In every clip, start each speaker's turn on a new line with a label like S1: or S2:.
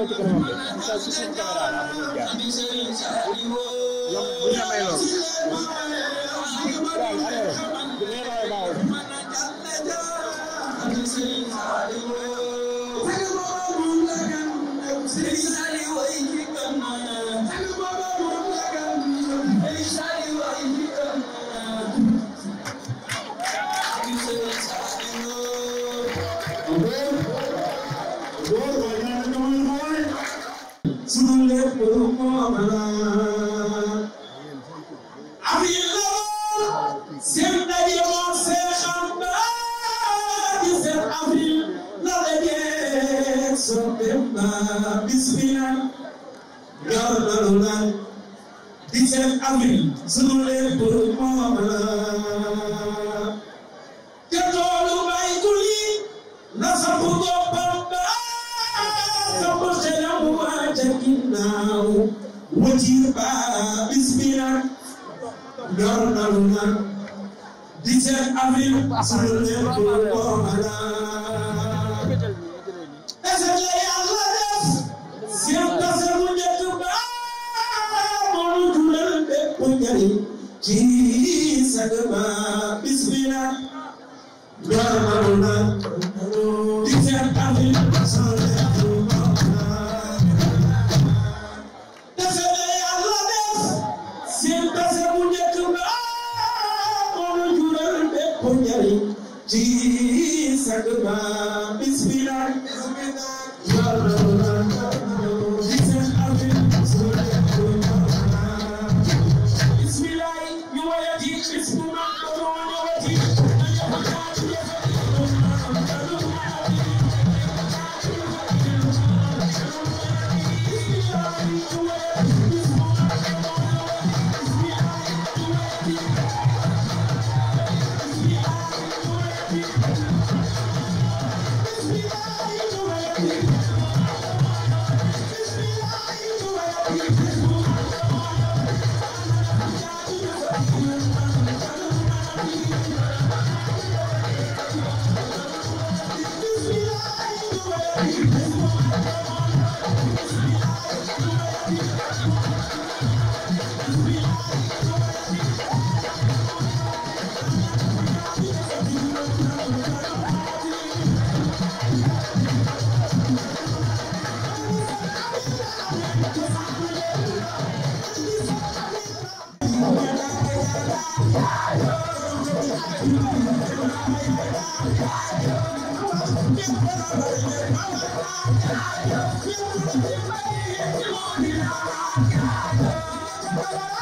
S1: sama ci kanamam de saa su seen caméra laa ma doon jaar ñoom bu ñu amee loolu waaw alors
S2: bu ñu amee baaxul
S1: amil sunu lépp moom la te toolu bay kuli na samp goppam ba samp xelam bismina dor nalu na 17 avril sunu جني جني سدما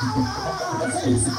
S2: This is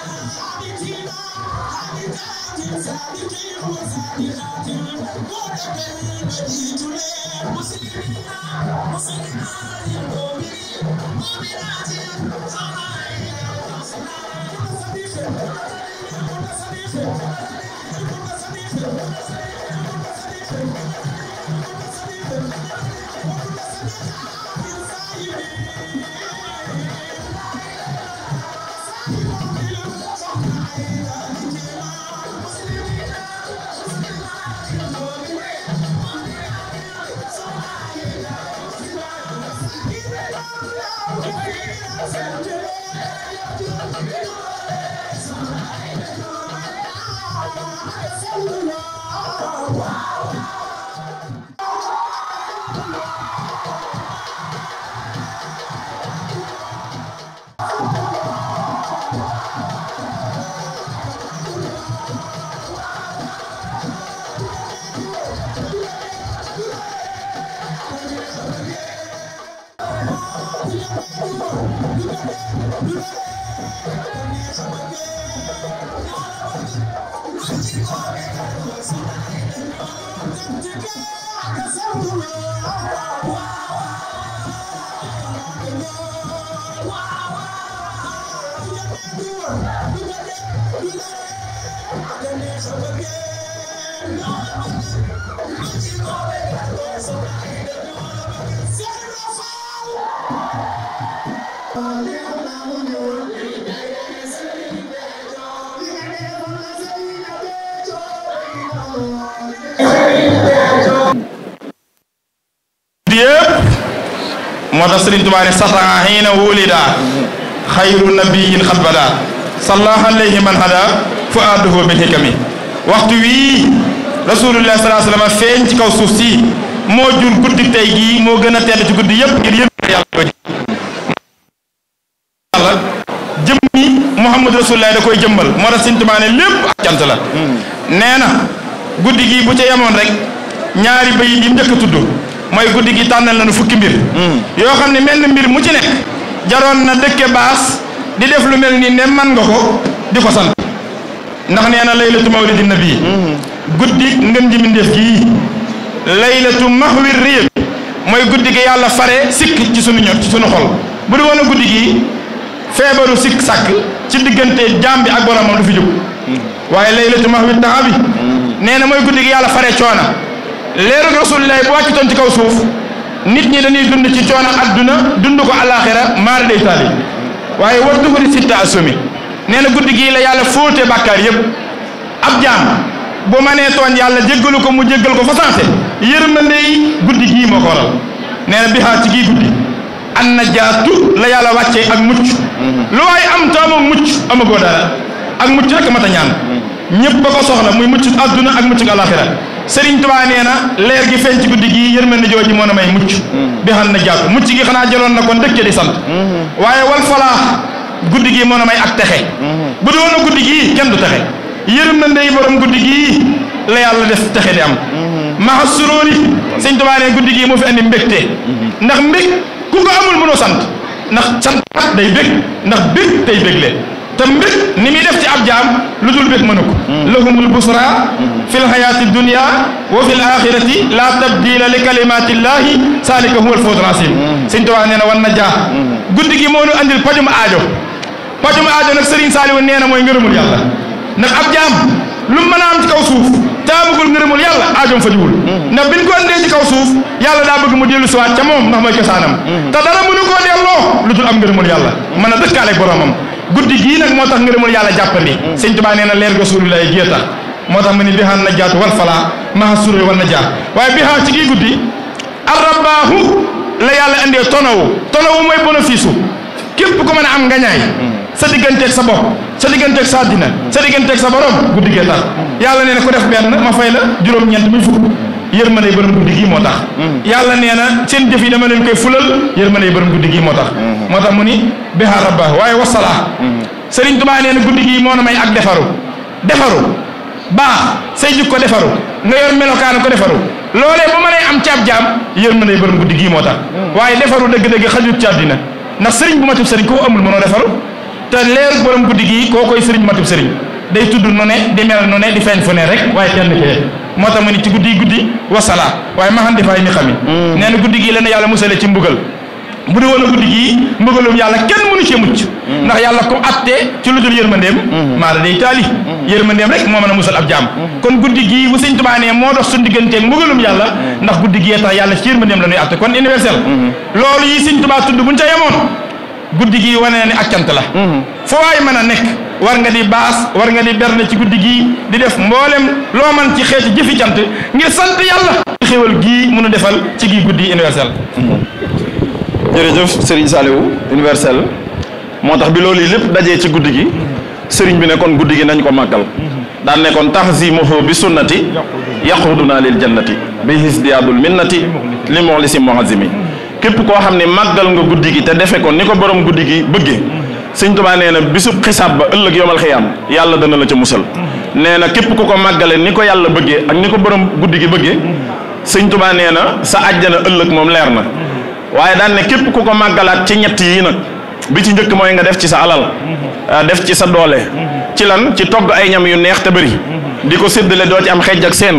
S2: Thank you. moo
S1: tax Sëriñ Tuubaa ne sax xiina wulida xayru nabiyin xat bada sallallahu alayhi man hada fu'aaduhu bil hikami waxtu wii rasulullah sallallahu alayhi wa sallam feeñ ci kaw suuf si moo jur guddi tey gii moo gën a tedd ci guddi yëpp ngir yëpp yàlla ko ji yàlla jëmmi Muhammad rasulullah da koy jëmmal moo tax sintumaane lépp ak cant la nee na guddi gi bu ca yemoon rek ñaari bayit yi njëkk a tudd mooy guddi gi tànnal nañu fukki mbir yoo xam ne mel mbir mu ci nekk jaroon na dëkke baas di def lu mel nii ne man nga ko di ko sant ndax nee na laylatu mawlidi bii mm-hmm. guddi ngën ji mindeef gii laylatu maxwi réew mooy guddi gi yàlla fare sikk ci sunu ñor ci sunu xol bu du woon guddi gi feebaru sikk sàkk ci diggante jaam bi ak boromam du fi jóg mm-hmm. waaye laylatu maxwi taxa bi mm-hmm. nee na mooy guddi gi yàlla fare coona leeru rasulillahi bu wàccutoon ci kaw suuf nit ñi dañuy dund ci coono adduna dund ko alaxira maari day taali waaye war dugudi sitta asumi nee na guddi gii la yàlla fóote bàkkaar yëpp ab jaam boo ma nee tooñ yàlla jéggalu ko mu jéggal ko fa santé yërmande yi guddi gii moo ko waral nee na bihaa ci gii guddi an na jaatu la yàlla wàccee ak mucc mhm. lu waaye am te amoo mucc amagoo dara ak mucc rek mat a ñaan mhm. ñëpp ba ko soxla muy mucc adduna ak mucc alaxira Sëriñ Tuubaa nee na leer gi feeñ ci guddi gi yërmande jooju moo na may mucc mm-hmm. bi xam na jàpp mucc gi xanaa jaloon na ko ndëkk di sant mm-hmm. waaye wal falaax guddi gi moo na may ak texe mm-hmm. bu doon na guddi gi kenn du texe yërmande yi borom guddi gi la yàlla def texe di am maxa suróori Sëriñ Tuubaa nee guddi gi moo fi andi mbégte ndax mbég ku ko amul mënoo sant ndax sant day bég ndax bég day bég te ni muy def ci ab jaam lu dul bég mënu ko hmm. lahumul busra fi l xayaati dunia wa fi l la tabdila li kalimatillahi saalika huwa al fawzul aziim hmm. sëñ Tuubaa nee na wan na jaa hmm. guddi gi moo nu andil pajum aajo pajum aajo nag Sëriñ Saaliwu nee na mooy ngërëmul yàlla ndax ab lu mën a am ci suuf taabugul ngërëmul yàlla aajoom fajuwul ndax biñ ko andee ci kaw suuf yàlla daa bëgg mu dellu siwaat ca moom ndax mooy cosaanam te dara mënu koo delloo lu dul am ngërëmul yàlla mën a dëkkaale boromam guddi gii nag moo tax nga ngërëmul yàlla jàppandi mm. sëñ Tuubaa nee na leer ga suuru lay gii tax moo tax ma ni na najaatu wal falaa maha sururi wal najaa waaye bihaa ci gii guddi arrabaahu la yàlla indee tonawu tonawu mooy bénéfice u képp ko mën a am ngañaay mm. sa digganteeg sa bopp sa digganteeg sa àddina sa digganteeg sa borom guddi gee tax mm. yàlla nee na ku def benn ma fay la juróom-ñeent muy fukk yërmande borom guddi gi moo tax mm-hmm. yàlla nee na seen jëf yi dama leen koy fulal yërmande borom guddi gi moo tax mm-hmm. moo tax mu ni biha rabba waaye wasalaa mm-hmm. Sëriñ Tuubaa nee na guddi gi moo na may ak defaru defaru baax say jikko defaru nga yor melokaan ko defaru loolee bu mënee am caab jaam ne borom guddi gi moo tax waaye defaru dëgg-dëgg xajut caab dina ndax sëriñ bu matub sëriñ ku ko amul mënoo defaru te leer borom guddi gi koo koy sëriñ matub day tudd nu ne di mel nu ne di feeñ fu ne rek waaye kenn kee moo tax ma ni ci guddi guddi wasalaat waaye ma xam defaay mi xami mm. nee na guddi gii la ne yàlla musale ci mbugal bu di woon a guddi gii mbugalum yàlla kenn mënu cee mucc mm. ndax yàlla ko attee ci lu mm. moo mën a musal ab jaam kon guddi gii bu sëñ Tuubaa nee moo mbugalum yàlla ndax guddi gii tax yàlla ci yërmandeem la ñuy atte kon universel mm-hmm. loolu yi sëñ Tuubaa tudd buñ ca yemoon guddi gii wane ne ak cant la mm-hmm. foo waay mën a nekk war nga di baas war nga di berne ci guddi gii di def mboolem loo man ci xeeti jëfi cant ngir sant yàlla xéwal gii munu defal ci gii guddi universel jërëjëf Serigne Saliou universel moo tax bi loolu lépp dajee ci guddi gi sëriñ bi ne kon guddi gi nañ ko màggal daan ne kon taxzimuhu bi sunnati yaquduna lil jannati bi hisdiyaadul minnati li moxlisi moxazimi képp koo xam ne màggal nga guddi gi te defe ko ni ko borom guddi gi bëggee sëñ Tuubaa nee na bisub xisaab ba ëllëg yomal am yàlla dana la ca musal nee na képp ku ko màggale ni ko yàlla bëggee ak ni ko borom guddi gi bëggee sëñ Tuubaa nee na sa àjjana ëllëg moom leer na waaye daan képp ku ko màggalaat ci ñett yii nag bi ci njëkk mooy nga def ci sa alal ah, def ci sa doole ci lan ci togg ay ñam yu neex te bëri di ko séddale doo ci am xejj ak seen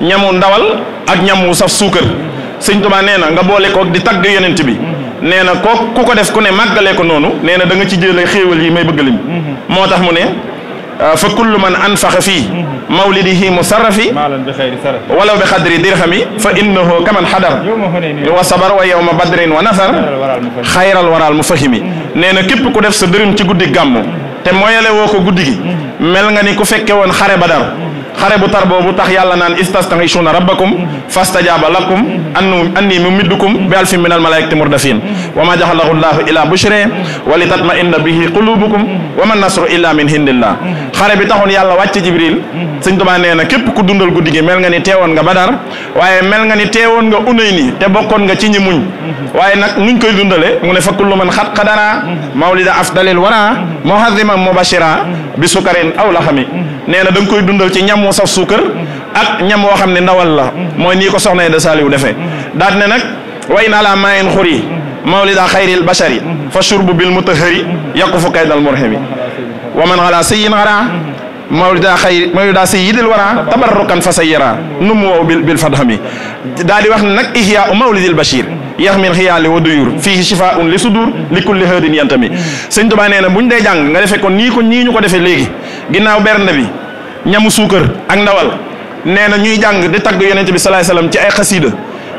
S1: wu ndawal ak ñamu saf suukar sëñ Tuubaa nee na nga boole ko di tagg yonent bi nee na ko ku ko def ku ne màggalee ko noonu nee na da nga ci jëlee xéewal yi may bëgg lim mhm. moo tax mu ne ah, fa kullu man anfaqa fii mhm. mawlidihi musarrafi walaw bi xadri dirhami fa innahu kaman xadar wa sabar wa yawma badrin wa nasar xayral waral mu fahimi mhm. nee na képp ku def sa dërëm ci guddi gàmmu te mooyale woo ko guddi gi mel nga ni ku fekke woon xare badar xare bu tar boobu tax yàlla naan istastaghishuna rabbakum fastajaba lakum annu anni mumiddukum bi alfin min almalaikati murdafin wa ma jaxalahu llahu ila bushra wa li tatma'inna bihi qulubukum wa man nasru illa min hindillah xare bi taxoon yàlla wàcc jibril sëñ Tuubaa nee képp ku dundal guddi gi mel nga ni teewoon nga badar waaye mel nga ni teewoon nga unay te bokkoon nga ci ñi muñ waaye nag nuñ koy dundale mu ne fa kullu man xat xadara mawlida bi sukarin aw la xami nee na da koy dundal ci ñam wu saf suukar ñam woo xam ne ndawal la mooy ni ko soxna yi da saaliwu defee daat ne nag way na laa maayen xur yi mawlida xayril bashari fa shurbu bi mutahari yaqufu kaydal murhimi wa man ala sayyin xara mawlida xayri mawlida sayyidil tabarrukan fa sayyara numu wow bil fadhami daa di wax ne nag ihya u mawlidil yaxmil xiyaali wa duyur fii shifaun li sudur li kulli hërin yantami sëñ Tuubaa nee na bu ñu dee jàng nga defee ko nii ko nii ñu ko defee léegi ginnaaw bernde bi ñamu suukar ak ndawal nee na ñuy jàng di tagg yonente bi salaay salaam ci ay xasiida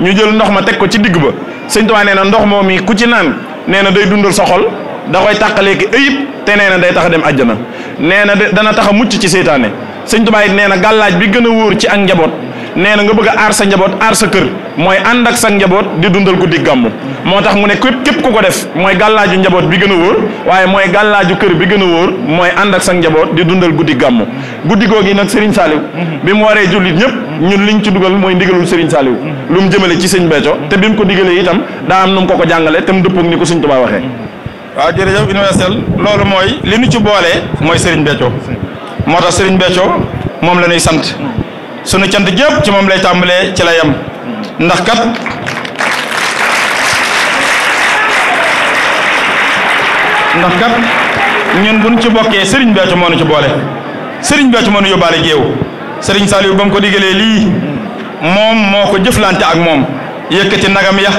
S1: ñu jël ndox ma teg ko ci digg ba sëñ Tuubaa na ndox moom mi ku ci naan nee na day dundal sa xol da koy tàqalee ki ayib te nee na day tax a dem àjjana nee na dana tax mucc ci seytaane sëñ Tuubaa it nee na gàllaaj bi gën a wóor ci ak njaboot nee na nga bëgg a aar sa njaboot aar sa kër mooy ànd ak sa njaboot di dundal guddi gàmmu moo tax mu ne képp képp ku ko def mooy gàllaaju njaboot bi gën a wóor waaye mooy gàllaaju kër bi gën a wóor mooy ànd ak sa njaboot di dundal guddi gàmmu guddi koo gi nag Serigne Saliou mhm. bi mu waree jullit ñëpp ñun ñu ci dugal mooy ndigalul Serigne Saliou mhm. lu mu jëmale ci sëñ Béthio te bi mu ko digalee itam daa am nu mu ko ko jàngale te mu dëppoog ni ko sëñ Tuubaa waxee waaw jërëjëf universel loolu mooy li nu ci boolee mooy Serigne Béthio moo tax Serigne Béthio moom la ñuy sant sunu cant gépp ci moom lay tàmbalee ci la yem ndax kat ndax kat ñun buñ ci bokkee sëriñ Béthio moo nu ci boole Serigne Béthio nu yóbbaale géew sëriñ Saliou ba mu ko digalee lii moom moo ko jëflante ak moom yëkkati nagam ya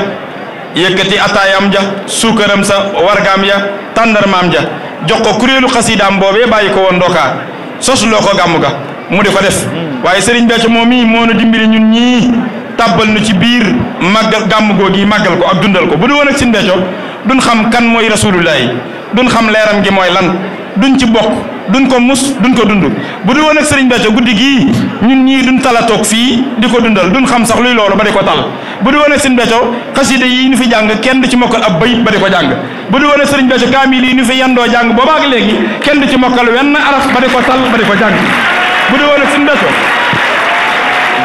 S1: yëkkati ataayam ja suukaram sa wargaam ya tàndarmaam ja jox ko kuréelu xasiidaam boobee bàyyi ko woon ndokaa sosuloo ko gàmm ga mu di ko def waaye Serigne Béthio moom mii moo na dimbali ñun ñii tabal nu ci biir màggal gàmm googi màggal ko ak dundal ko bu du woon ak Serigne Béthio duñ xam kan mooy rasulullahi duñ xam leeram gi mooy lan duñ ci bokk dun ko mus duñ ko dund bu du woon ak Serigne Béthio guddi gii ñun ñii duñ tala toog fii di ko dundal duñ xam sax luy loolu ba di ko tal bu di woon ak xasida yi ñu fi jàng kenn du ci mokkal ab bayit ba di ko jàng bu di woon ak Serigne Béthio kaamil yi ñu fi yendoo jàng boobaak léegi kenn du ci mokkal wenn araf ba di ko tal ba di ko bu dee woon ak suñu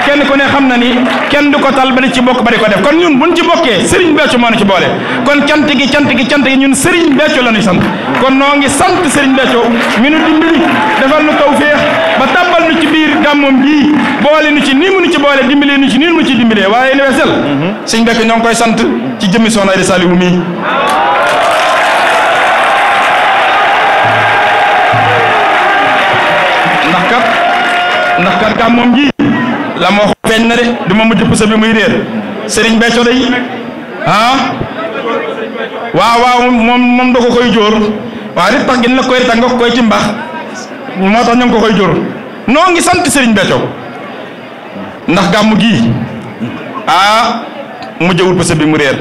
S1: kenn ku ne xam na ni kenn du ko tal ba di ci bokk ba di ko def kon ñun ñu ci bokkee Serigne Béthio moo ñu ci boole kon cant gi cant gi cant gi ñun Serigne Béthio la ñuy sant kon noo ngi sant sëriñ Béthio mu nu dimbali defal nu tawféex ba tàbbal nu ci biir gàmmoom bii boole nu ci nii mu nu ci boole dimbalee nu ci nii mu ci dimbalee waaye universel mm-hmm. Serigne Béthio ñoo ngi koy sant ci jëmmi Soxna Aida Saliou mii ndax kan kam moom ji la moo xo feeñ na de du ma mujj pusa bi ah, waaw waaw moom moom ko koy jóor waaw rit tax gin la koy koy ci mbax moo tax ko koy jóor noo ngi sant Serigne Béthio gàmm gii ah mu jëwul pusa bi mu réer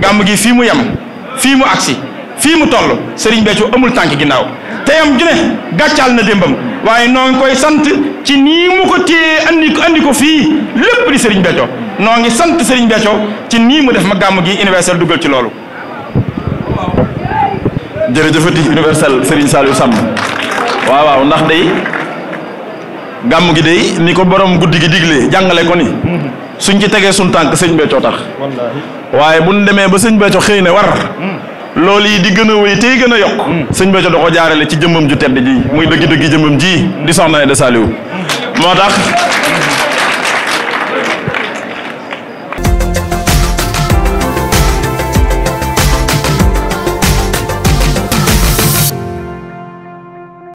S1: gàmm gii fii mu yem fii mu agsi fii mu toll Serigne Béthio amul tànk ginnaaw te yam ju ne gàccaal na démbam waaye noo ngi koy sant ci nii mu ko téye andi ko andi ko fii lépp di Serigne Béthio noo ngi sant Serigne Béthio ci nii mu def ma gàmm gi universel duggal ci loolu. jërëjëfati universel Serigne Saliou Samb waaw waaw ndax day gàmm gi dey ni ko boroom guddi gi diglee jàngale ko ni suñ ci tegee suñ tànk Serigne Béthio tax waaye bu ñu demee ba Serigne Béthio xëy na war. Hmm. loolu yi di gën a wéy tey gën a yokk mm. sëñ Béthio da ko jaarale ci jëmmam ju tedd ji muy dëggi dëggi jëmmam ji di soxna ne de Saliou moo tax